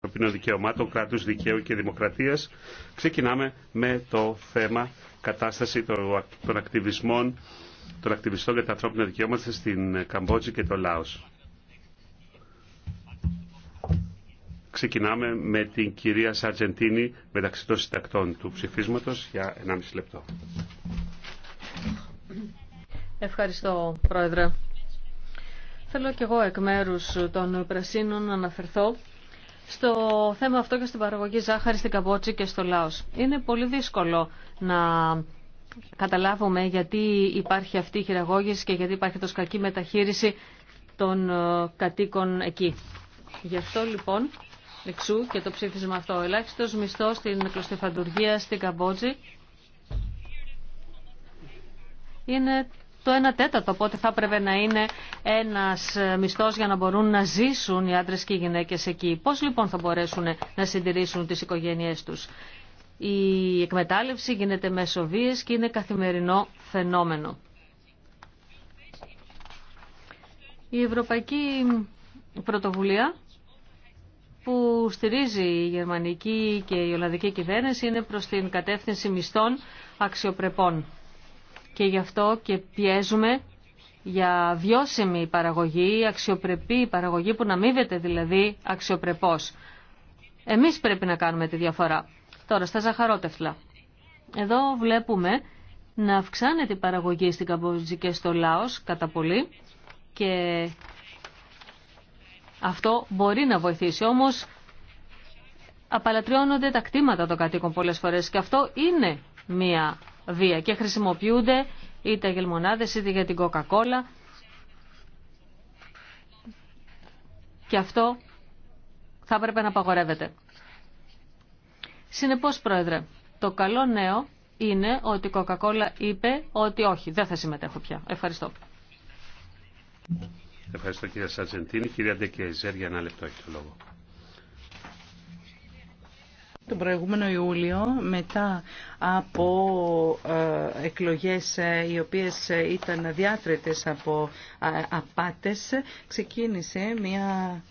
ανθρωπίνων δικαιωμάτων, κράτους δικαίου και δημοκρατίας. Ξεκινάμε με το θέμα κατάσταση των ακτιβισμών των ακτιβιστών για τα ανθρώπινα δικαιώματα στην Καμπότζη και το Λάος. Ξεκινάμε με την κυρία Σαρτζεντίνη μεταξύ των συντακτών του ψηφίσματος για 1,5 λεπτό. Ευχαριστώ, Πρόεδρε. Θέλω κι εγώ εκ μέρους των Πρασίνων να αναφερθώ στο θέμα αυτό και στην παραγωγή ζάχαρη στην Καμπότζη και στο Λάος. Είναι πολύ δύσκολο να καταλάβουμε γιατί υπάρχει αυτή η χειραγώγηση και γιατί υπάρχει τόσο κακή μεταχείριση των ε, κατοίκων εκεί. Γι' αυτό λοιπόν, εξού και το ψήφισμα αυτό, ελάχιστος μισθός στην κλωστεφαντουργία στην Καμπότζη είναι το 1 τέταρτο, οπότε θα έπρεπε να είναι ένας μισθό για να μπορούν να ζήσουν οι άντρες και οι γυναίκες εκεί. Πώς λοιπόν θα μπορέσουν να συντηρήσουν τι οικογένειε τους. Η εκμετάλλευση γίνεται μέσω βίέ και είναι καθημερινό φαινόμενο. Η Ευρωπαϊκή Πρωτοβουλία που στηρίζει η γερμανική και η ολλανδική κυβέρνηση είναι προς την κατεύθυνση μισθών αξιοπρεπών και γι' αυτό και πιέζουμε για βιώσιμη παραγωγή, αξιοπρεπή παραγωγή που να μείβεται δηλαδή αξιοπρεπώς. Εμείς πρέπει να κάνουμε τη διαφορά. Τώρα στα ζαχαρότεφλα. Εδώ βλέπουμε να αυξάνεται η παραγωγή στην Καμποτζή και στο Λάος κατά πολύ και αυτό μπορεί να βοηθήσει. Όμως απαλατριώνονται τα κτήματα των κατοίκων πολλές φορές και αυτό είναι μία βία και χρησιμοποιούνται είτε γελμονάδες είτε για την κοκακόλα και αυτό θα έπρεπε να απαγορεύεται. Συνεπώς, Πρόεδρε, το καλό νέο είναι ότι η coca είπε ότι όχι, δεν θα συμμετέχω πια. Ευχαριστώ. Ευχαριστώ κύριε Κυρία Ντεκέζερ, για ένα λεπτό έχει το τον προηγούμενο Ιούλιο μετά από ε, εκλογές ε, οι οποίες ε, ήταν διάτρετες από απάτες ξεκίνησε μια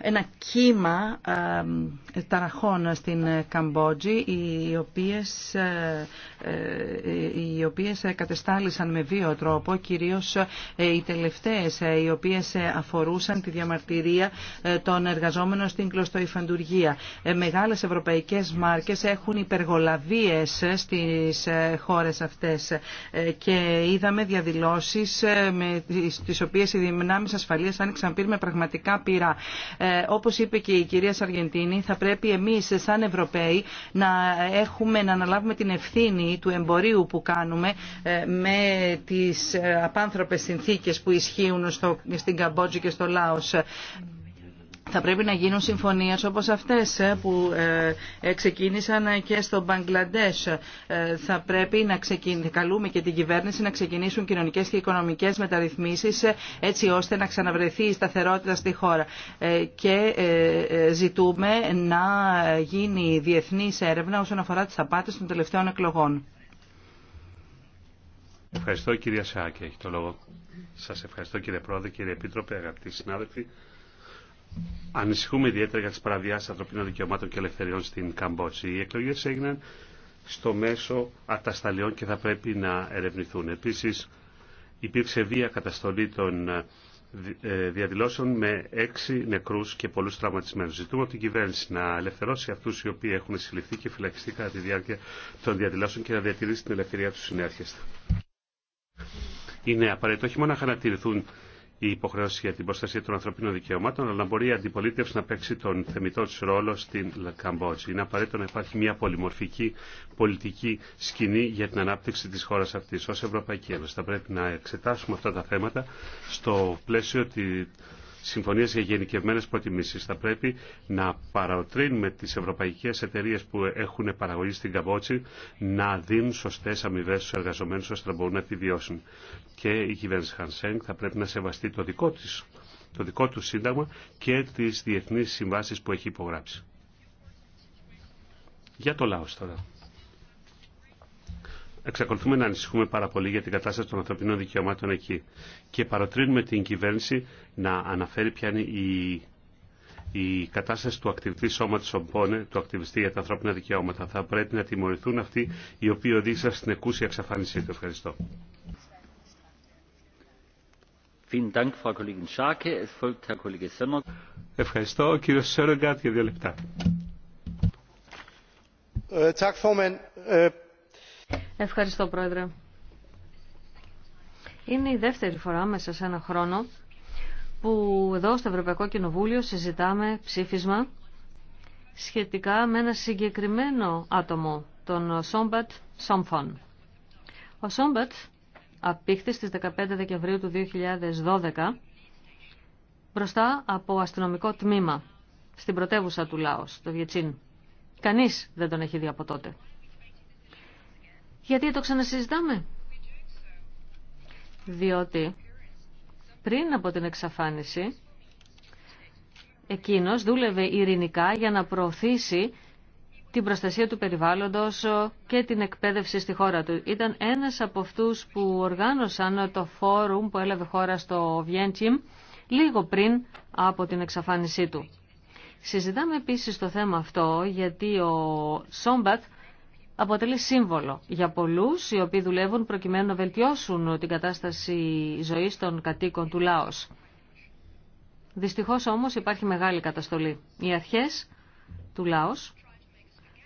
ένα κύμα ταραχών στην Καμπότζη, οι οποίες, ε, ε, οι οποίες κατεστάλησαν με βίο τρόπο, κυρίως ε, οι τελευταίες, οι οποίες αφορούσαν τη διαμαρτυρία των εργαζόμενων στην κλωστοϊφαντουργία. Μεγάλες ευρωπαϊκές μάρκες έχουν υπεργολαβίες στις χώρες αυτές και είδαμε διαδηλώσεις με τις οποίες οι δυνάμεις ασφαλείας άνοιξαν πύρ με πραγματικά πυρά. Ε, όπως είπε και η κυρία Σαργεντίνη, θα πρέπει εμείς σαν Ευρωπαίοι να έχουμε, να αναλάβουμε την ευθύνη του εμπορίου που κάνουμε ε, με τις ε, απάνθρωπες συνθήκες που ισχύουν στο, στην Καμπότζη και στο Λάος θα πρέπει να γίνουν συμφωνίες όπως αυτές ε, που ε, ξεκίνησαν και στο Μπαγκλαντές. Ε, θα πρέπει να ξεκινήσουμε. καλούμε και την κυβέρνηση να ξεκινήσουν κοινωνικές και οικονομικές μεταρρυθμίσεις έτσι ώστε να ξαναβρεθεί η σταθερότητα στη χώρα. Και ζητούμε να γίνει διεθνής έρευνα όσον αφορά τις απάτες των τελευταίων εκλογών. Ευχαριστώ κυρία Σάκη, έχει το λόγο. Σας ευχαριστώ κύριε Πρόεδρε, κύριε Επίτροπε, αγαπητοί συνάδελφοι. Ανησυχούμε ιδιαίτερα για τι παραβιάσει ανθρωπίνων δικαιωμάτων και ελευθεριών στην Καμπότζη. Οι εκλογέ έγιναν στο μέσο ατασταλιών και θα πρέπει να ερευνηθούν. Επίση, υπήρξε βία καταστολή των ε, ε, διαδηλώσεων με έξι νεκρού και πολλού τραυματισμένου. Ζητούμε από την κυβέρνηση να ελευθερώσει αυτού οι οποίοι έχουν συλληφθεί και φυλακιστεί κατά τη διάρκεια των διαδηλώσεων και να διατηρήσει την ελευθερία του συνέρχεστα. Είναι απαραίτητο όχι μόνο να χαρακτηριθούν η υποχρέωση για την προστασία των ανθρωπίνων δικαιωμάτων, αλλά μπορεί η αντιπολίτευση να παίξει τον θεμητό τη ρόλο στην Καμπότζη. Είναι απαραίτητο να υπάρχει μια πολυμορφική πολιτική σκηνή για την ανάπτυξη τη χώρα αυτή. Ω Ευρωπαϊκή Ένωση θα πρέπει να εξετάσουμε αυτά τα θέματα στο πλαίσιο συμφωνίες για γενικευμένες προτιμήσεις. Θα πρέπει να παραοτρύνουμε τις ευρωπαϊκές εταιρείες που έχουν παραγωγή στην Καμπότση να δίνουν σωστές αμοιβέ στους εργαζομένους ώστε να μπορούν να επιβιώσουν. Και η κυβέρνηση Χανσέγκ θα πρέπει να σεβαστεί το δικό της το δικό του σύνταγμα και τις διεθνείς συμβάσεις που έχει υπογράψει. Για το λαός τώρα εξακολουθούμε να ανησυχούμε πάρα πολύ για την κατάσταση των ανθρωπινών δικαιωμάτων εκεί και παροτρύνουμε την κυβέρνηση να αναφέρει ποια είναι η, η κατάσταση του ακτιβιστή σώματο Ομπόνε, του ακτιβιστή για τα ανθρώπινα δικαιώματα. Θα πρέπει να τιμωρηθούν αυτοί οι οποίοι οδήγησαν στην εκούσια εξαφάνισή του. Ευχαριστώ. Ευχαριστώ. κύριε για δύο λεπτά. Ε, Ευχαριστώ, Πρόεδρε. Είναι η δεύτερη φορά μέσα σε ένα χρόνο που εδώ στο Ευρωπαϊκό Κοινοβούλιο συζητάμε ψήφισμα σχετικά με ένα συγκεκριμένο άτομο, τον Σόμπατ Σόμφων. Ο Σόμπατ απήχθη στις 15 Δεκεμβρίου του 2012 μπροστά από αστυνομικό τμήμα στην πρωτεύουσα του Λάος, το Βιετσίν. Κανείς δεν τον έχει δει από τότε. Γιατί το ξανασυζητάμε. Διότι πριν από την εξαφάνιση, εκείνος δούλευε ειρηνικά για να προωθήσει την προστασία του περιβάλλοντος και την εκπαίδευση στη χώρα του. Ήταν ένας από αυτούς που οργάνωσαν το φόρουμ που έλαβε χώρα στο Βιέντσιμ λίγο πριν από την εξαφάνισή του. Συζητάμε επίσης το θέμα αυτό γιατί ο Σόμπατ αποτελεί σύμβολο για πολλούς οι οποίοι δουλεύουν προκειμένου να βελτιώσουν την κατάσταση ζωής των κατοίκων του Λάος. Δυστυχώς όμως υπάρχει μεγάλη καταστολή. Οι αρχές του Λάος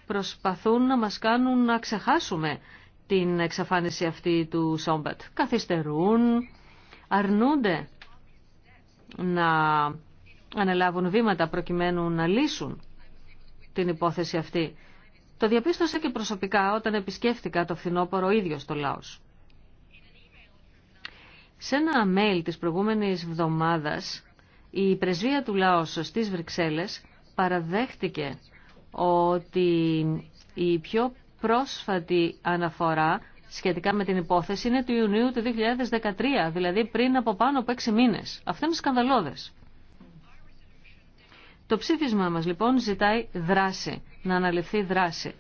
προσπαθούν να μας κάνουν να ξεχάσουμε την εξαφάνιση αυτή του Σόμπατ. Καθυστερούν, αρνούνται να αναλάβουν βήματα προκειμένου να λύσουν την υπόθεση αυτή. Το διαπίστωσα και προσωπικά όταν επισκέφτηκα το φθινόπωρο ίδιο στο Λάος. Σε ένα mail της προηγούμενης εβδομάδας, η πρεσβεία του Λάος στις Βρυξέλλες παραδέχτηκε ότι η πιο πρόσφατη αναφορά σχετικά με την υπόθεση είναι του Ιουνίου του 2013, δηλαδή πριν από πάνω από έξι μήνες. Αυτό είναι σκανδαλώδες. Το ψήφισμά μας λοιπόν ζητάει δράση, να αναλυφθεί δράση.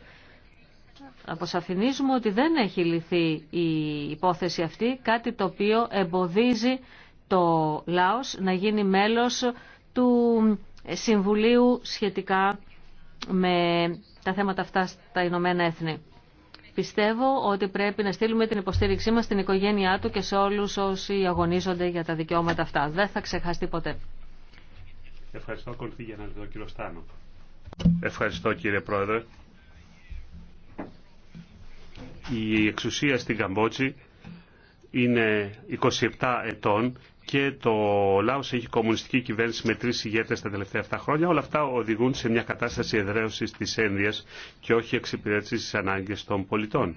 Αποσαφηνίζουμε ότι δεν έχει λυθεί η υπόθεση αυτή, κάτι το οποίο εμποδίζει το Λάος να γίνει μέλος του Συμβουλίου σχετικά με τα θέματα αυτά στα Ηνωμένα Έθνη. Πιστεύω ότι πρέπει να στείλουμε την υποστήριξή μας στην οικογένειά του και σε όλους όσοι αγωνίζονται για τα δικαιώματα αυτά. Δεν θα ξεχαστεί ποτέ. Ευχαριστώ. Ακολουθεί για να κύριο Στάνο. Ευχαριστώ κύριε Πρόεδρε. Η εξουσία στην Καμπότζη είναι 27 ετών και το Λάος έχει κομμουνιστική κυβέρνηση με τρεις ηγέτες τα τελευταία 7 χρόνια. Όλα αυτά οδηγούν σε μια κατάσταση εδραίωσης της ένδυας και όχι εξυπηρέτησης της ανάγκης των πολιτών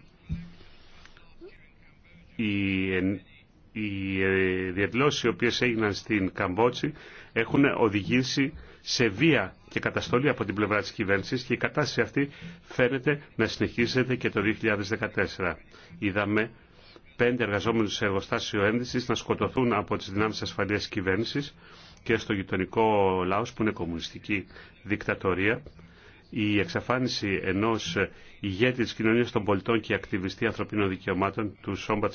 οι ε, διαδηλώσει οι οποίε έγιναν στην Καμπότση έχουν οδηγήσει σε βία και καταστολή από την πλευρά τη κυβέρνηση και η κατάσταση αυτή φαίνεται να συνεχίζεται και το 2014. Είδαμε πέντε εργαζόμενου σε εργοστάσιο ένδυσης να σκοτωθούν από τι δυνάμει ασφαλεία τη κυβέρνησης και στο γειτονικό λαός που είναι κομμουνιστική δικτατορία. Η εξαφάνιση ενό ηγέτη τη κοινωνία των πολιτών και ακτιβιστή ανθρωπίνων δικαιωμάτων του Σόμπατ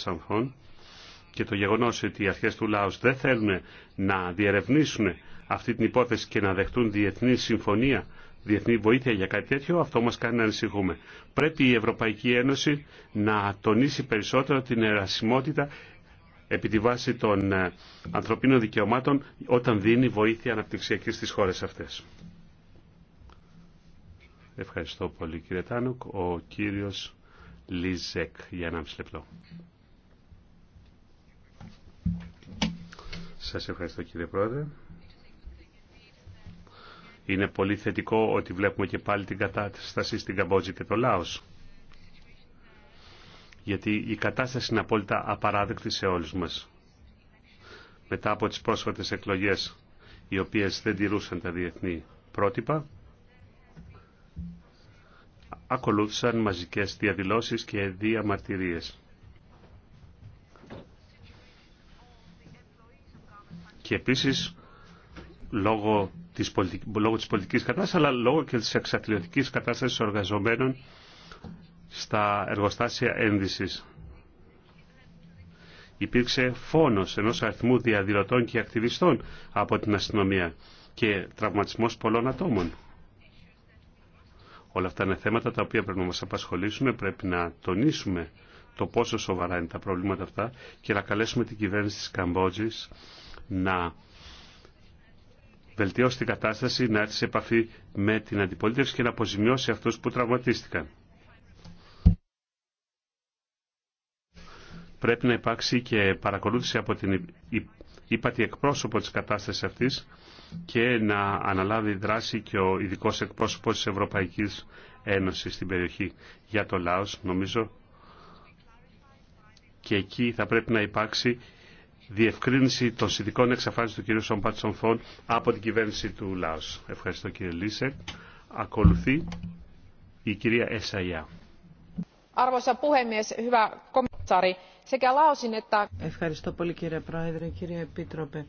και το γεγονός ότι οι αρχές του Λάους δεν θέλουν να διερευνήσουν αυτή την υπόθεση και να δεχτούν διεθνή συμφωνία, διεθνή βοήθεια για κάτι τέτοιο, αυτό μας κάνει να ανησυχούμε. Πρέπει η Ευρωπαϊκή Ένωση να τονίσει περισσότερο την ερασιμότητα επί τη βάση των ε, ανθρωπίνων δικαιωμάτων όταν δίνει βοήθεια αναπτυξιακή στις χώρες αυτές. Ευχαριστώ πολύ κύριε Τάνοκ. Ο κύριος Λίζεκ για ένα μισή λεπτό. Σας ευχαριστώ κύριε Πρόεδρε. Είναι πολύ θετικό ότι βλέπουμε και πάλι την κατάσταση στην Καμπότζη και το Λάος. Γιατί η κατάσταση είναι απόλυτα απαράδεκτη σε όλους μας. Μετά από τις πρόσφατες εκλογές, οι οποίες δεν τηρούσαν τα διεθνή πρότυπα, ακολούθησαν μαζικές διαδηλώσεις και διαμαρτυρίες. και επίσης λόγω της, πολιτικ... λόγω της πολιτικής κατάστασης αλλά λόγω και της εξατλειωτικής κατάστασης των στα εργοστάσια ένδυσης. Υπήρξε φόνος ενός αριθμού διαδηλωτών και ακτιβιστών από την αστυνομία και τραυματισμός πολλών ατόμων. Όλα αυτά είναι θέματα τα οποία πρέπει να μας απασχολήσουν, πρέπει να τονίσουμε το πόσο σοβαρά είναι τα προβλήματα αυτά και να καλέσουμε την κυβέρνηση της Καμπότζης να βελτιώσει την κατάσταση, να έρθει σε επαφή με την αντιπολίτευση και να αποζημιώσει αυτούς που τραυματίστηκαν. Πρέπει να υπάρξει και παρακολούθηση από την ύπατη εκπρόσωπο της κατάστασης αυτής και να αναλάβει δράση και ο ειδικό εκπρόσωπος της Ευρωπαϊκής Ένωσης στην περιοχή για το Λάος, νομίζω. Και εκεί θα πρέπει να υπάρξει διευκρίνηση των συνδικών εξαφάνισης του κ. Σομπάτ Σομφών από την κυβέρνηση του Λάος. Ευχαριστώ κύριε Λίσε. Ακολουθεί η κυρία Εσαϊά. Ευχαριστώ πολύ κύριε Πρόεδρε, κύριε Επίτροπε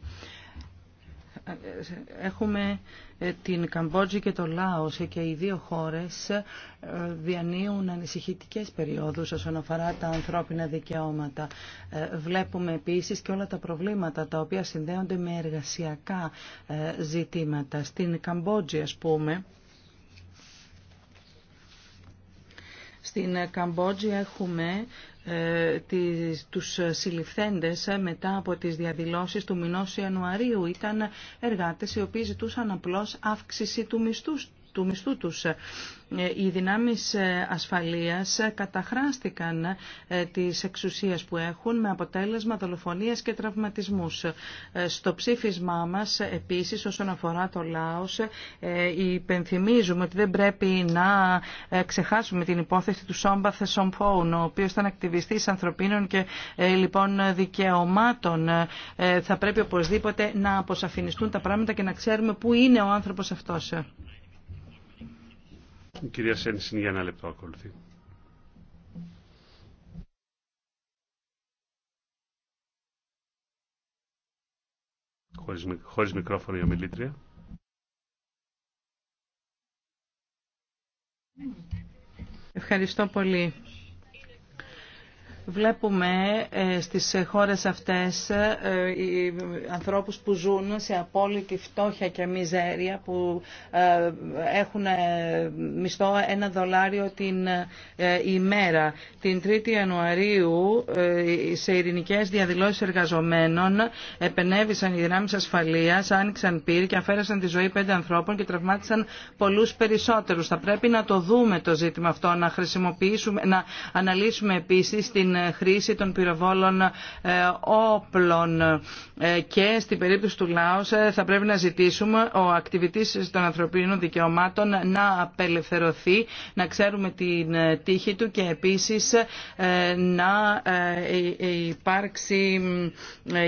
έχουμε ε, την Καμπότζη και το Λάος και οι δύο χώρες ε, διανύουν ανησυχητικές περιόδους όσον αφορά τα ανθρώπινα δικαιώματα. Ε, βλέπουμε επίσης και όλα τα προβλήματα τα οποία συνδέονται με εργασιακά ζητήματα. Στην Καμπότζη ας πούμε, Στην Καμπότζη έχουμε ε, τους συλληφθέντες μετά από τις διαδηλώσεις του μηνός Ιανουαρίου. Ήταν εργάτες οι οποίοι ζητούσαν απλώς αύξηση του μισθού του μισθού τους. Ε, οι δυνάμεις ε, ασφαλείας ε, καταχράστηκαν τις εξουσίες που έχουν με αποτέλεσμα δολοφονίες και τραυματισμούς. Στο ψήφισμά μας επίσης όσον αφορά το Λάος υπενθυμίζουμε ότι δεν πρέπει να ξεχάσουμε την υπόθεση του Σόμπα Θεσομπόουν ο οποίος ήταν ακτιβιστής ανθρωπίνων και λοιπόν δικαιωμάτων. Θα πρέπει οπωσδήποτε να αποσαφινιστούν τα πράγματα και να ξέρουμε πού είναι ο άνθρωπος αυτός. Η κυρία Σένσιν για ένα λεπτό ακολουθεί. Χωρίς, χωρίς μικρόφωνο η ομιλήτρια. Ευχαριστώ πολύ. Βλέπουμε ε, στις χώρες αυτές ε, ανθρώπους που ζουν σε απόλυτη φτώχεια και μιζέρια, που ε, έχουν μισθό ένα δολάριο την ημέρα. Την 3η Ιανουαρίου σε ειρηνικές διαδηλώσεις εργαζομένων επενέβησαν οι δυνάμεις ασφαλείας, άνοιξαν πύρ και αφαίρεσαν τη ζωή πέντε ανθρώπων και τραυμάτισαν πολλούς περισσότερους. Θα πρέπει να το δούμε το ζήτημα αυτό, να χρησιμοποιήσουμε, να αναλύσουμε επίσης την χρήση των πυροβόλων ε, όπλων ε, και στην περίπτωση του Λάος ε, θα πρέπει να ζητήσουμε ο ακτιβιτής των ανθρωπίνων δικαιωμάτων να απελευθερωθεί, να ξέρουμε την τύχη του και επίσης να υπάρξει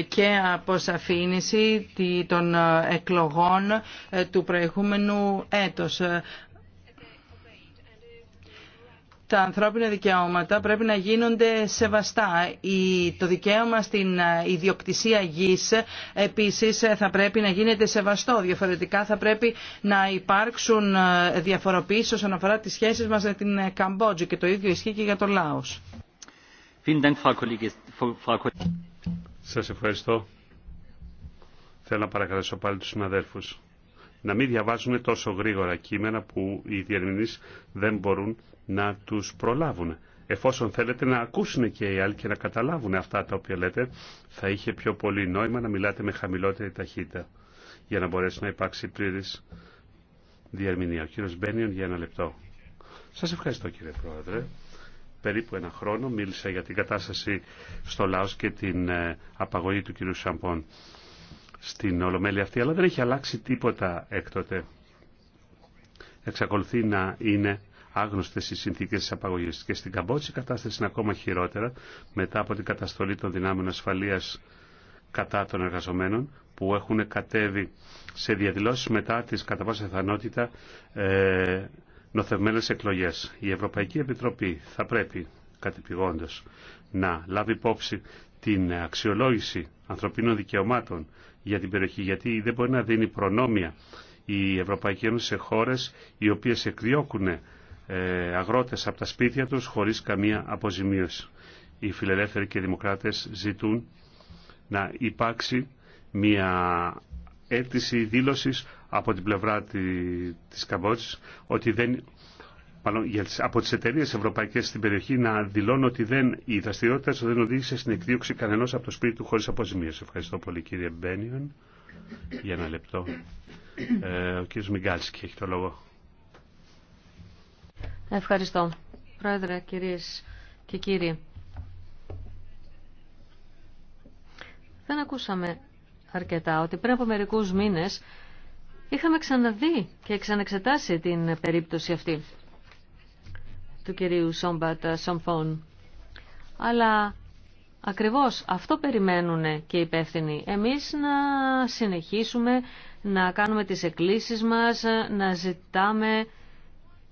και αποσαφήνιση των εκλογών του προηγούμενου έτος τα ανθρώπινα δικαιώματα πρέπει να γίνονται σεβαστά. Το δικαίωμα στην ε, ιδιοκτησία γης επίσης ε, θα πρέπει να γίνεται σεβαστό. Διαφορετικά θα πρέπει να υπάρξουν ε, διαφοροποίησεις όσον αφορά τις σχέσεις μας με την Καμπότζη και το ίδιο ισχύει και για τον Λάος. Σας ευχαριστώ. Θέλω να παρακαλέσω πάλι τους συναδέλφου να μην διαβάζουν τόσο γρήγορα κείμενα που οι διερμηνείς δεν μπορούν να τους προλάβουν. Εφόσον θέλετε να ακούσουν και οι άλλοι και να καταλάβουν αυτά τα οποία λέτε, θα είχε πιο πολύ νόημα να μιλάτε με χαμηλότερη ταχύτητα για να μπορέσει να υπάρξει πλήρης διερμηνία. Ο κύριος Μπένιον για ένα λεπτό. Σας ευχαριστώ κύριε Πρόεδρε. Περίπου ένα χρόνο μίλησα για την κατάσταση στο Λάος και την ε, απαγωγή του κύριου Σαμπών στην Ολομέλεια αυτή, αλλά δεν έχει αλλάξει τίποτα έκτοτε. Εξακολουθεί να είναι άγνωστε οι συνθήκε τη απαγωγή. Και στην Καμπότση η κατάσταση είναι ακόμα χειρότερα μετά από την καταστολή των δυνάμεων ασφαλεία κατά των εργαζομένων που έχουν κατέβει σε διαδηλώσει μετά τι κατά πάσα πιθανότητα ε, νοθευμένε εκλογέ. Η Ευρωπαϊκή Επιτροπή θα πρέπει κατεπηγόντω να λάβει υπόψη την αξιολόγηση ανθρωπίνων δικαιωμάτων για την περιοχή, γιατί δεν μπορεί να δίνει προνόμια η Ευρωπαϊκή Ένωση σε χώρες οι οποίες εκδιώκουν ε, αγρότες από τα σπίτια τους χωρίς καμία αποζημίωση. Οι φιλελεύθεροι και οι δημοκράτες ζητούν να υπάρξει μια αίτηση δήλωσης από την πλευρά της Καμπότσης ότι δεν μάλλον από τις εταιρείες ευρωπαϊκές στην περιοχή να δηλώνω ότι δεν, η δραστηριότητα δεν οδήγησε στην εκδίωξη κανένας από το σπίτι του χωρίς αποζημίωση. Ευχαριστώ πολύ κύριε Μπένιον. Για ένα λεπτό. Ε, ο κύριος Μιγκάλσκι έχει το λόγο. Ευχαριστώ. Πρόεδρε, κυρίες και κύριοι. Δεν ακούσαμε αρκετά ότι πριν από μερικούς μήνες είχαμε ξαναδεί και ξανεξετάσει την περίπτωση αυτή του κυρίου Σόμπατ ε, Σομφών. Αλλά ακριβώς αυτό περιμένουν και οι υπεύθυνοι. Εμείς να συνεχίσουμε να κάνουμε τις εκκλήσεις μας, να ζητάμε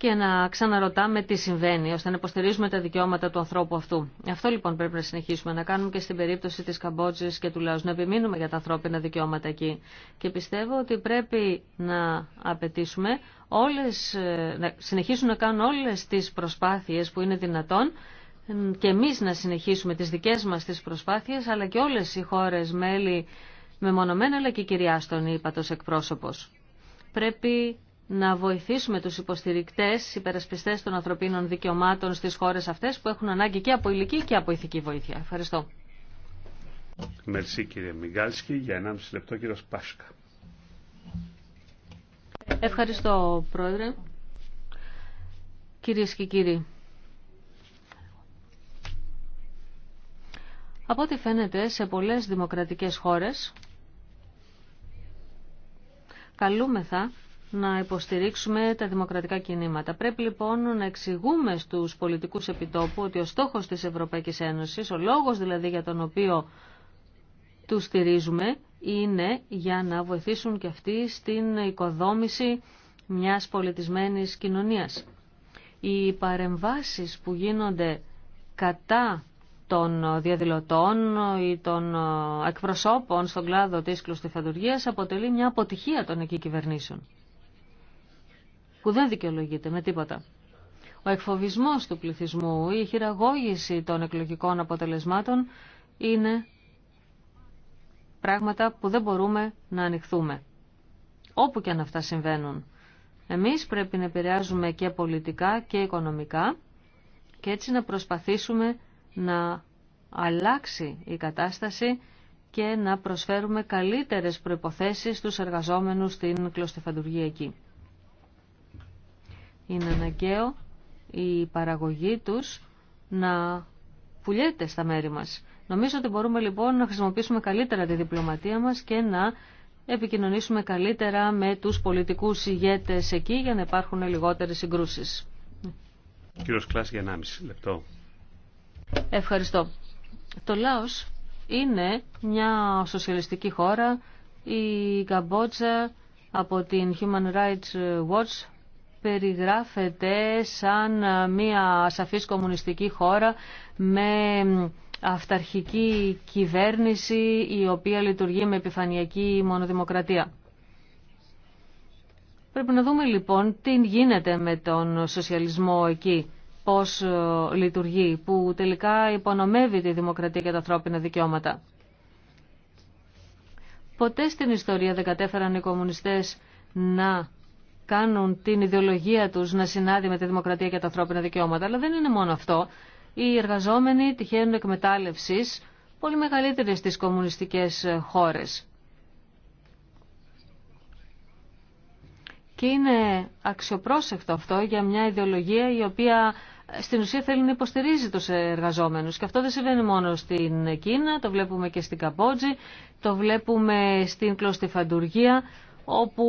και να ξαναρωτάμε τι συμβαίνει, ώστε να υποστηρίζουμε τα δικαιώματα του ανθρώπου αυτού. Αυτό λοιπόν πρέπει να συνεχίσουμε να κάνουμε και στην περίπτωση τη Καμπότζη και του λαού, να επιμείνουμε για τα ανθρώπινα δικαιώματα εκεί. Και πιστεύω ότι πρέπει να απαιτήσουμε όλες, να συνεχίσουν να κάνουν όλε τι προσπάθειε που είναι δυνατόν και εμείς να συνεχίσουμε τις δικές μας τις προσπάθειες, αλλά και όλες οι χώρες μέλη μεμονωμένα, αλλά και η κυρία Στονή είπα, Πρέπει να βοηθήσουμε τους υποστηρικτές, υπερασπιστές των ανθρωπίνων δικαιωμάτων στις χώρες αυτές που έχουν ανάγκη και από ηλική και από ηθική βοήθεια. Ευχαριστώ. Μερσή κύριε Για 1,5 λεπτό κύριος Πάσκα. Ευχαριστώ πρόεδρε. Κυρίε και κύριοι. Από ό,τι φαίνεται σε πολλές δημοκρατικές χώρες καλούμεθα να υποστηρίξουμε τα δημοκρατικά κινήματα. Πρέπει λοιπόν να εξηγούμε στους πολιτικούς επιτόπου ότι ο στόχος της Ευρωπαϊκής Ένωσης, ο λόγος δηλαδή για τον οποίο του στηρίζουμε, είναι για να βοηθήσουν και αυτοί στην οικοδόμηση μιας πολιτισμένης κοινωνίας. Οι παρεμβάσεις που γίνονται κατά των διαδηλωτών ή των εκπροσώπων στον κλάδο της κλωστιφαντουργίας αποτελεί μια αποτυχία των εκεί κυβερνήσεων που δεν δικαιολογείται με τίποτα. Ο εκφοβισμός του πληθυσμού, η χειραγώγηση των εκλογικών αποτελεσμάτων είναι πράγματα που δεν μπορούμε να ανοιχθούμε. Όπου και αν αυτά συμβαίνουν. Εμείς πρέπει να επηρεάζουμε και πολιτικά και οικονομικά και έτσι να προσπαθήσουμε να αλλάξει η κατάσταση και να προσφέρουμε καλύτερες προϋποθέσεις στους εργαζόμενους στην κλωστεφαντουργία εκεί. Είναι αναγκαίο η παραγωγή τους να πουλιέται στα μέρη μας. Νομίζω ότι μπορούμε λοιπόν να χρησιμοποιήσουμε καλύτερα τη διπλωματία μας και να επικοινωνήσουμε καλύτερα με τους πολιτικούς ηγέτες εκεί για να υπάρχουν λιγότερες συγκρούσεις. Κύριος Κλάς για 1,5 λεπτό. Ευχαριστώ. Το Λάος είναι μια σοσιαλιστική χώρα. Η Καμπότζα από την Human Rights Watch περιγράφεται σαν μια σαφής κομμουνιστική χώρα με αυταρχική κυβέρνηση η οποία λειτουργεί με επιφανειακή μονοδημοκρατία. Πρέπει να δούμε λοιπόν τι γίνεται με τον σοσιαλισμό εκεί, πώς ε, λειτουργεί, που τελικά υπονομεύει τη δημοκρατία και τα ανθρώπινα δικαιώματα. Ποτέ στην ιστορία δεν κατέφεραν οι κομμουνιστές να κάνουν την ιδεολογία του να συνάδει με τη δημοκρατία και τα ανθρώπινα δικαιώματα. Αλλά δεν είναι μόνο αυτό. Οι εργαζόμενοι τυχαίνουν εκμετάλλευση πολύ μεγαλύτερη στι κομμουνιστικέ χώρε. Και είναι αξιοπρόσεκτο αυτό για μια ιδεολογία η οποία στην ουσία θέλει να υποστηρίζει τους εργαζόμενους. Και αυτό δεν συμβαίνει μόνο στην Κίνα, το βλέπουμε και στην Καμπότζη, το βλέπουμε στην κλωστιφαντουργία όπου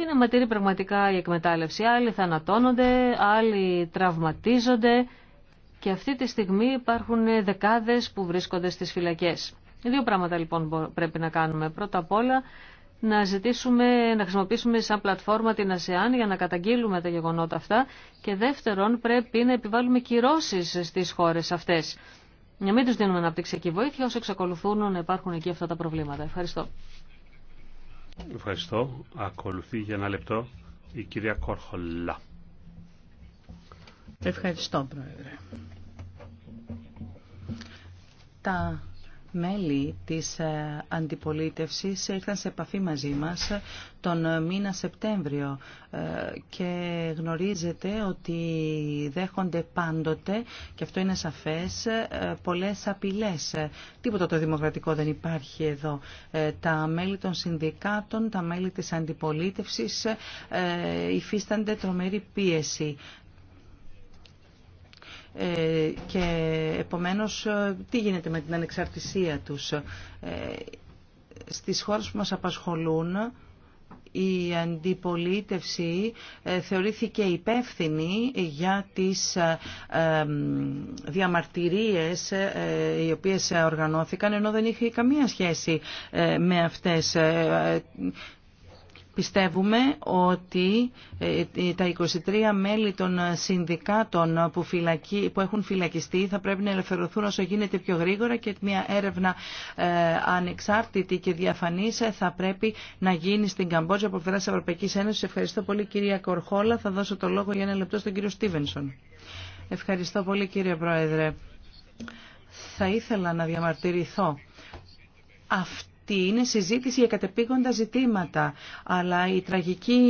είναι ματήρη πραγματικά η εκμετάλλευση. Άλλοι θανατώνονται, άλλοι τραυματίζονται και αυτή τη στιγμή υπάρχουν δεκάδες που βρίσκονται στις φυλακές. Δύο πράγματα λοιπόν πρέπει να κάνουμε. Πρώτα απ' όλα να ζητήσουμε, να χρησιμοποιήσουμε σαν πλατφόρμα την ΑΣΕΑΝ για να καταγγείλουμε τα γεγονότα αυτά και δεύτερον πρέπει να επιβάλλουμε κυρώσεις στις χώρες αυτές. Να μην τους δίνουμε αναπτυξιακή βοήθεια όσο εξακολουθούν να υπάρχουν εκεί αυτά τα προβλήματα. Ευχαριστώ. Ευχαριστώ. Ακολουθεί για ένα λεπτό η κυρία Κορχολά. Ευχαριστώ, Πρόεδρε. Τα μέλη της ε, αντιπολίτευσης ήρθαν σε επαφή μαζί μας τον μήνα Σεπτέμβριο ε, και γνωρίζετε ότι δέχονται πάντοτε, και αυτό είναι σαφές, ε, πολλές απειλές. Τίποτα το δημοκρατικό δεν υπάρχει εδώ. Τα μέλη των συνδικάτων, τα μέλη της αντιπολίτευσης υφίστανται τρομερή πίεση. Ε, και επομένως ε, τι γίνεται με την ανεξαρτησία τους. Ε, στις χώρες που μας απασχολούν η αντιπολίτευση θεωρήθηκε υπεύθυνη για τις διαμαρτυρίες οι οποίες οργανώθηκαν ενώ δεν είχε καμία σχέση με αυτές. Πιστεύουμε ότι ε, ε, τα 23 μέλη των συνδικάτων που, που έχουν φυλακιστεί θα πρέπει να ελευθερωθούν όσο γίνεται πιο γρήγορα και μια έρευνα ε, ανεξάρτητη και διαφανής θα πρέπει να γίνει στην Καμπότζη από πλευρά της Ευρωπαϊκής Ένωσης. Ευχαριστώ πολύ κυρία Κορχόλα. Θα δώσω το λόγο για ένα λεπτό στον κύριο Στίβενσον. Ευχαριστώ πολύ κύριε Πρόεδρε. Θα ήθελα να διαμαρτυρηθώ. Τι είναι συζήτηση για κατεπήγοντα ζητήματα. Αλλά η τραγική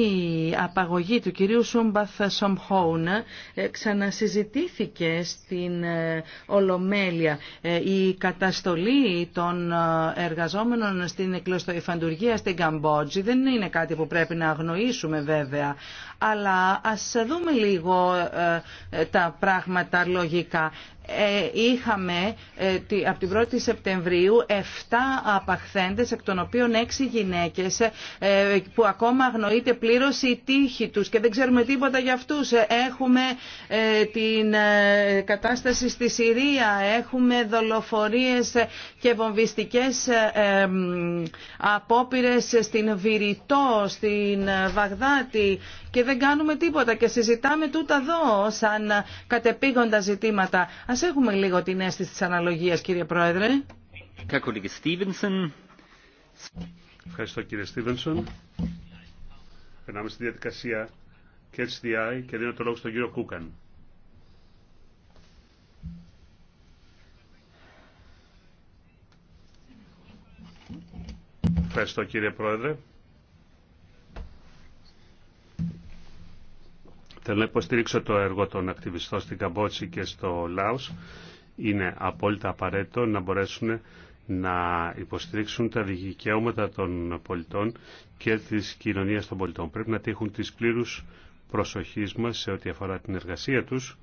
απαγωγή του κυρίου Σούμπαθ Σομχόουν ε, ξανασυζητήθηκε στην ε, Ολομέλεια. Ε, η καταστολή των εργαζόμενων στην εκλοστοϊφαντουργία στην Καμπότζη δεν είναι κάτι που πρέπει να αγνοήσουμε βέβαια αλλά ας δούμε λίγο ε, τα πράγματα λογικά. Ε, είχαμε ε, από την 1η Σεπτεμβρίου 7 απαχθέντες, εκ των οποίων 6 γυναίκες που ακόμα αγνοείται πλήρως η τύχη τους και δεν ξέρουμε τίποτα για αυτούς. Έχουμε την κατάσταση στη Συρία, έχουμε δολοφορίες και βομβιστικές απόπειρες στην Βηρητό, στην Βαγδάτη και δεν κάνουμε τίποτα και συζητάμε τούτα εδώ σαν κατεπήγοντα ζητήματα. Ας έχουμε λίγο την αίσθηση τη αναλογία, κύριε Πρόεδρε. Ευχαριστώ κύριε Στίβενσον. Περνάμε στη διαδικασία HDI και δίνω το λόγο στον κύριο Κούκαν. Ευχαριστώ κύριε Πρόεδρε. Θέλω να υποστηρίξω το έργο των ακτιβιστών στην Καμπότση και στο Λάος. Είναι απόλυτα απαραίτητο να μπορέσουν να υποστηρίξουν τα δικαιώματα των πολιτών και της κοινωνίας των πολιτών. Πρέπει να τύχουν τις πλήρους προσοχής μας σε ό,τι αφορά την εργασία τους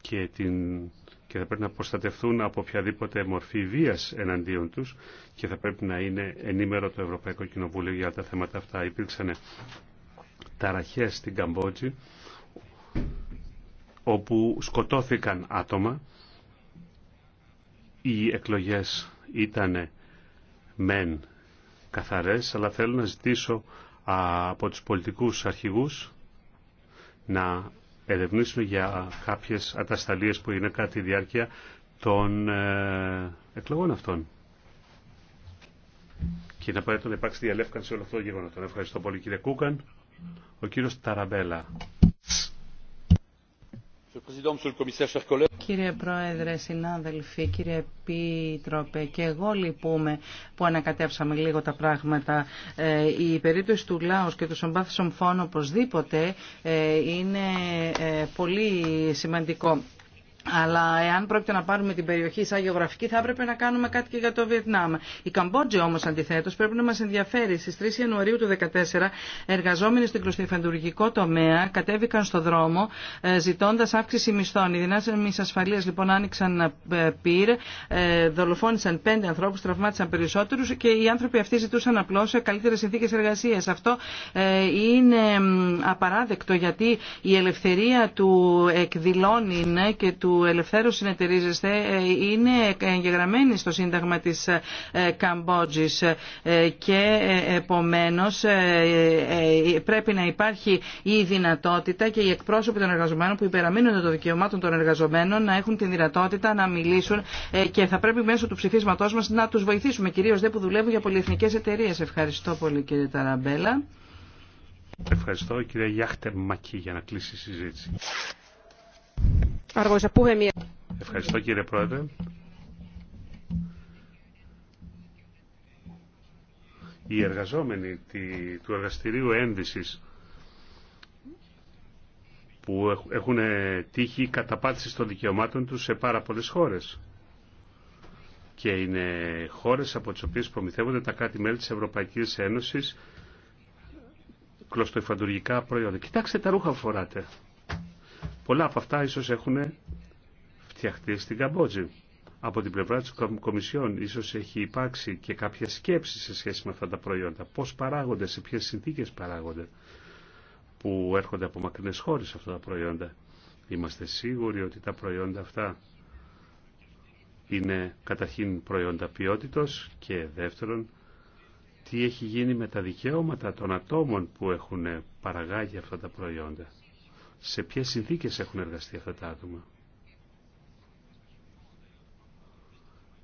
και, την... και θα πρέπει να προστατευτούν από οποιαδήποτε μορφή βίας εναντίον τους και θα πρέπει να είναι ενήμερο το Ευρωπαϊκό Κοινοβούλιο για τα θέματα αυτά. Υπήρξαν ταραχές στην Καμπότζη όπου σκοτώθηκαν άτομα. Οι εκλογές ήταν μεν καθαρές, αλλά θέλω να ζητήσω από τους πολιτικούς αρχηγούς να ερευνήσουν για κάποιες ατασταλίες που είναι κατά τη διάρκεια των ε, εκλογών αυτών. Και να πρέπει να υπάρξει διαλεύκανση αυτό το των γεγονότων. Ευχαριστώ πολύ κύριε Κούκαν. Ο κύριος Ταραμπέλα. Κύριε Πρόεδρε, συνάδελφοι, κύριε Επίτροπε, και εγώ λυπούμε που ανακατέψαμε λίγο τα πράγματα. Ε, η περίπτωση του λαούς και του Σομπάθου Σομφών οπωσδήποτε ε, είναι ε, πολύ σημαντικό. Αλλά εάν πρόκειται να πάρουμε την περιοχή σαν γεωγραφική, θα έπρεπε να κάνουμε κάτι και για το Βιετνάμ. Η Καμπότζη όμω, αντιθέτω, πρέπει να μα ενδιαφέρει. Στι 3 Ιανουαρίου του 2014, εργαζόμενοι στην κλωστιφαντουργικό τομέα κατέβηκαν στο δρόμο ε, ζητώντα αύξηση μισθών. Οι δυνάμει ασφαλεία λοιπόν άνοιξαν ε, πυρ, ε, δολοφόνησαν πέντε ανθρώπου, τραυμάτισαν περισσότερου και οι άνθρωποι αυτοί ζητούσαν απλώ καλύτερε συνθήκε εργασία. Αυτό είναι απαράδεκτο γιατί η ελευθερία του εκδηλώνει ναι, και του του ελευθέρου συνεταιρίζεστε ε, είναι εγγεγραμμένη στο Σύνταγμα της ε, Καμπότζης ε, και επομένως πρέπει να υπάρχει η δυνατότητα και οι εκπρόσωποι των εργαζομένων που υπεραμείνονται των δικαιωμάτων των εργαζομένων να έχουν τη δυνατότητα να μιλήσουν και θα πρέπει μέσω του ψηφίσματός μας να τους βοηθήσουμε κυρίως δε που δουλεύουν για πολυεθνικές εταιρείες. Ευχαριστώ πολύ κύριε Ταραμπέλα. Ευχαριστώ Κύριε Γιάχτερ Μακή για να κλείσει η συζήτηση. Arvoisa puhemies. Ευχαριστώ κύριε Πρόεδρε. Οι εργαζόμενοι του εργαστηρίου ένδυσης που έχουν τύχει καταπάτηση των δικαιωμάτων τους σε πάρα πολλές χώρες. Και είναι χώρες από τις οποίες προμηθεύονται τα κράτη-μέλη της Ευρωπαϊκής Ένωσης κλωστοϊφαντουργικά προϊόντα. Κοιτάξτε τα ρούχα που φοράτε. Πολλά από αυτά ίσως έχουν φτιαχτεί στην Καμπότζη. Από την πλευρά της Κομισιόν ίσως έχει υπάρξει και κάποια σκέψη σε σχέση με αυτά τα προϊόντα. Πώς παράγονται, σε ποιες συνθήκες παράγονται που έρχονται από μακρινές χώρες αυτά τα προϊόντα. Είμαστε σίγουροι ότι τα προϊόντα αυτά είναι καταρχήν προϊόντα ποιότητος και δεύτερον τι έχει γίνει με τα δικαιώματα των ατόμων που έχουν παραγάγει αυτά τα προϊόντα σε ποιες συνθήκες έχουν εργαστεί αυτά τα άτομα.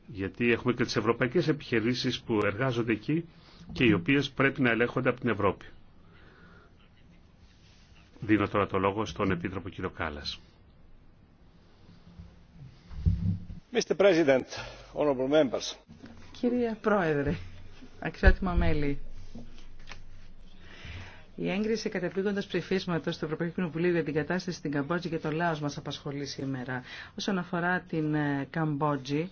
Γιατί έχουμε και τις ευρωπαϊκές επιχειρήσεις που εργάζονται εκεί και οι οποίες πρέπει να ελέγχονται από την Ευρώπη. Δίνω τώρα το λόγο στον Επίτροπο κύριο Κάλλας. Mr. President, Κύριε Πρόεδρε, αξιότιμα μέλη, η έγκριση κατεπήγοντα ψηφίσματο του Ευρωπαϊκού Κοινοβουλίου για την κατάσταση στην Καμπότζη και το λαό μα απασχολεί σήμερα. Όσον αφορά την ε, Καμπότζη,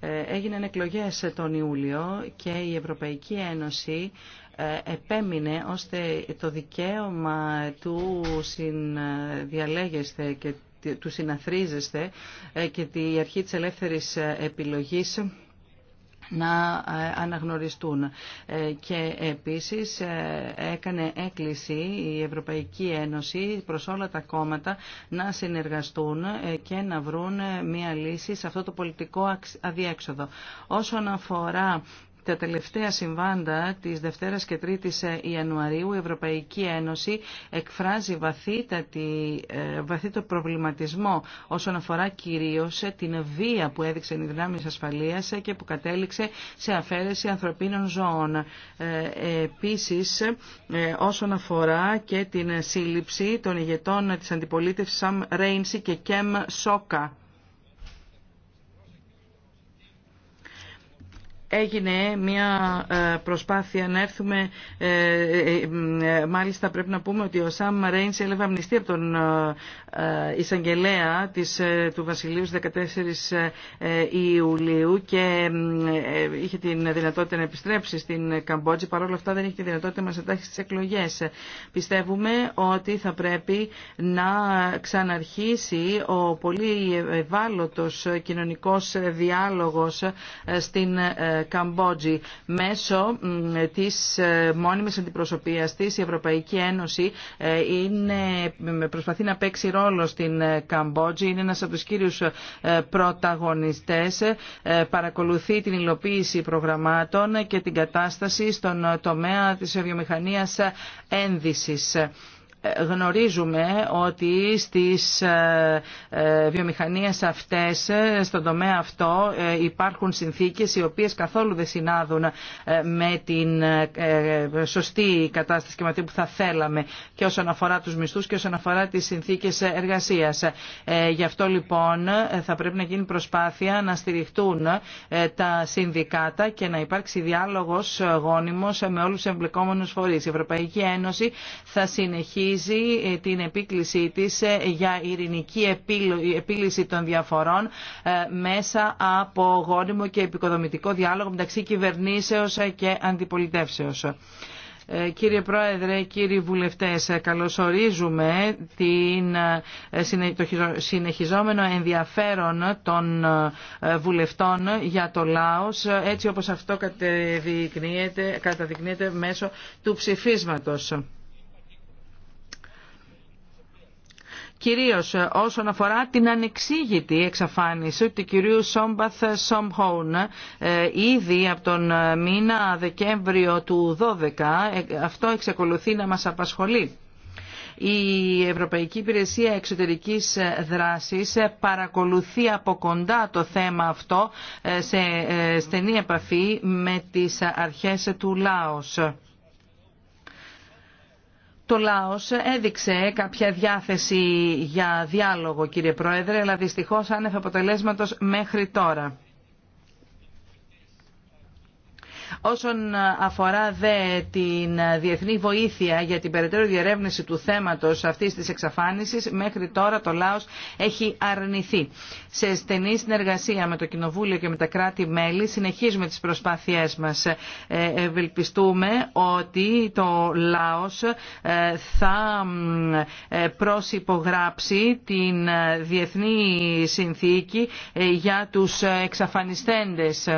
ε, έγιναν εκλογέ τον Ιούλιο και η Ευρωπαϊκή Ένωση ε, επέμεινε ώστε το δικαίωμα του συνδιαλέγεστε και του συναθρίζεστε και η αρχή της ελεύθερη επιλογής να ε, αναγνωριστούν. Ε, και επίσης ε, έκανε έκκληση η Ευρωπαϊκή Ένωση προς όλα τα κόμματα να συνεργαστούν και να βρουν μια λύση σε αυτό το πολιτικό αδιέξοδο. Όσον αφορά τα τελευταία συμβάντα της Δευτέρας και Τρίτης ε, Ιανουαρίου η Ευρωπαϊκή Ένωση εκφράζει βαθύτατη, ε, βαθύτο προβληματισμό όσον αφορά κυρίως ε, την βία που έδειξε η δυνάμεις ασφαλείας και που κατέληξε σε αφαίρεση ανθρωπίνων ζώων. Επίσης όσον αφορά και την σύλληψη των ηγετών της αντιπολίτευσης Σαμ Ρέινση και Κέμ Σόκα έγινε μια ε, προσπάθεια να έρθουμε, ε, ε, μάλιστα πρέπει να πούμε ότι ο Σαμ Μαρέινς έλεγε αμνηστή από τον εισαγγελέα της, του Βασιλείου 14 Ιουλίου και είχε την δυνατότητα να επιστρέψει στην Καμπότζη, παρόλα αυτά δεν είχε τη δυνατότητα να μας εντάξει στις εκλογές. Πιστεύουμε ότι θα πρέπει να ξαναρχίσει ο πολύ ευάλωτος κοινωνικός διάλογος στην Καμπότζη. Μέσω της ε, μόνιμης αντιπροσωπείας της η Ευρωπαϊκή Ένωση ε, είναι, προσπαθεί να παίξει ρόλο στην ε, Καμπότζη. Είναι ένας από τους κύριους πρωταγωνιστές. Παρακολουθεί την υλοποίηση προγραμμάτων και την κατάσταση στον τομέα της βιομηχανίας ένδυσης. Γνωρίζουμε ότι στις ε, ε, βιομηχανίες αυτές, ε, στον τομέα αυτό υπάρχουν συνθήκες οι οποίες καθόλου δεν συνάδουν με την σωστή κατάσταση και με που θα θέλαμε και όσον αφορά τους μισθούς και όσον αφορά τις συνθήκες εργασίας. Γι' αυτό λοιπόν θα πρέπει να γίνει προσπάθεια να στηριχτούν τα συνδικάτα και να υπάρξει διάλογος γόνιμος με όλους τους εμπλεκόμενους φορείς. Η Ευρωπαϊκή Ένωση θα συνεχίσει ε, την επίκλησή της ε, για ειρηνική επίλυση των διαφορών ε, μέσα από γόνιμο και επικοδομητικό διάλογο μεταξύ κυβερνήσεως και αντιπολιτεύσεως. Κύριε Πρόεδρε, κύριοι βουλευτές, καλωσορίζουμε την, το συνεχιζόμενο ενδιαφέρον των βουλευτών για το Λάος, έτσι όπως αυτό καταδεικνύεται μέσω του ψηφίσματος. κυρίως ε, όσον αφορά την ανεξήγητη εξαφάνιση του κυρίου Σόμπαθ Σόμχοουν ε, ήδη από τον ε, μήνα Δεκέμβριο του 12 αυτό εξακολουθεί να μας απασχολεί. Η Ευρωπαϊκή Υπηρεσία Εξωτερικής Δράσης παρακολουθεί από κοντά το θέμα αυτό σε στενή επαφή με τις αρχές του Λάος. Το Λάος έδειξε κάποια διάθεση για διάλογο κύριε Πρόεδρε, αλλά δυστυχώς άνευ αποτελέσματος μέχρι τώρα. Όσον αφορά δε την διεθνή βοήθεια για την περαιτέρω διερεύνηση του θέματος αυτής της εξαφάνισης, μέχρι τώρα το Λάος έχει αρνηθεί. Σε στενή συνεργασία με το Κοινοβούλιο και με τα κράτη-μέλη συνεχίζουμε τις προσπάθειές μας. Ε, ευελπιστούμε ότι το Λάος ε, θα ε, προσυπογράψει την Διεθνή Συνθήκη για τους εξαφανιστέντες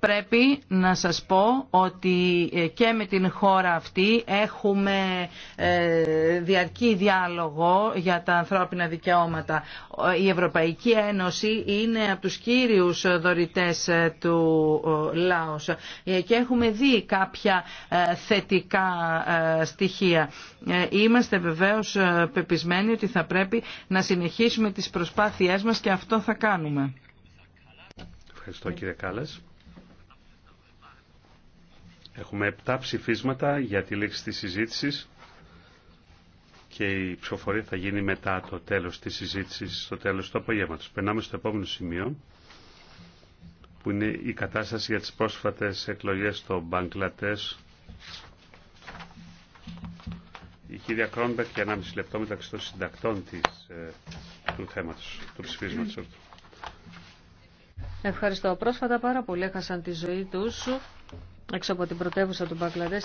πρέπει να σας πω ότι ε, και με την χώρα αυτή έχουμε ε, διαρκή διάλογο για τα ανθρώπινα δικαιώματα. Η Ευρωπαϊκή Ένωση είναι από τους κύριους δωρητές ε, του Λάος και έχουμε δει κάποια θετικά στοιχεία. Είμαστε βεβαίως πεπισμένοι ότι θα πρέπει να συνεχίσουμε τις προσπάθειές μας και αυτό θα κάνουμε. Ευχαριστώ κύριε Κάλλας. Έχουμε 7 ψηφίσματα για τη λήξη της συζήτησης και η ψηφοφορία θα γίνει μετά το τέλος της συζήτησης, στο τέλος του απογεύματος. Περνάμε στο επόμενο σημείο που είναι η κατάσταση για τις πρόσφατες εκλογές στο Μπαγκλατές. Η κυρία Κρόνπερ για 1,5 λεπτό μεταξύ των συντακτών της, ε, του θέματος, του ψηφίσματος. Ευχαριστώ. Πρόσφατα πάρα πολύ έχασαν τη ζωή τους έξω από την πρωτεύουσα του Μπαγκλαντές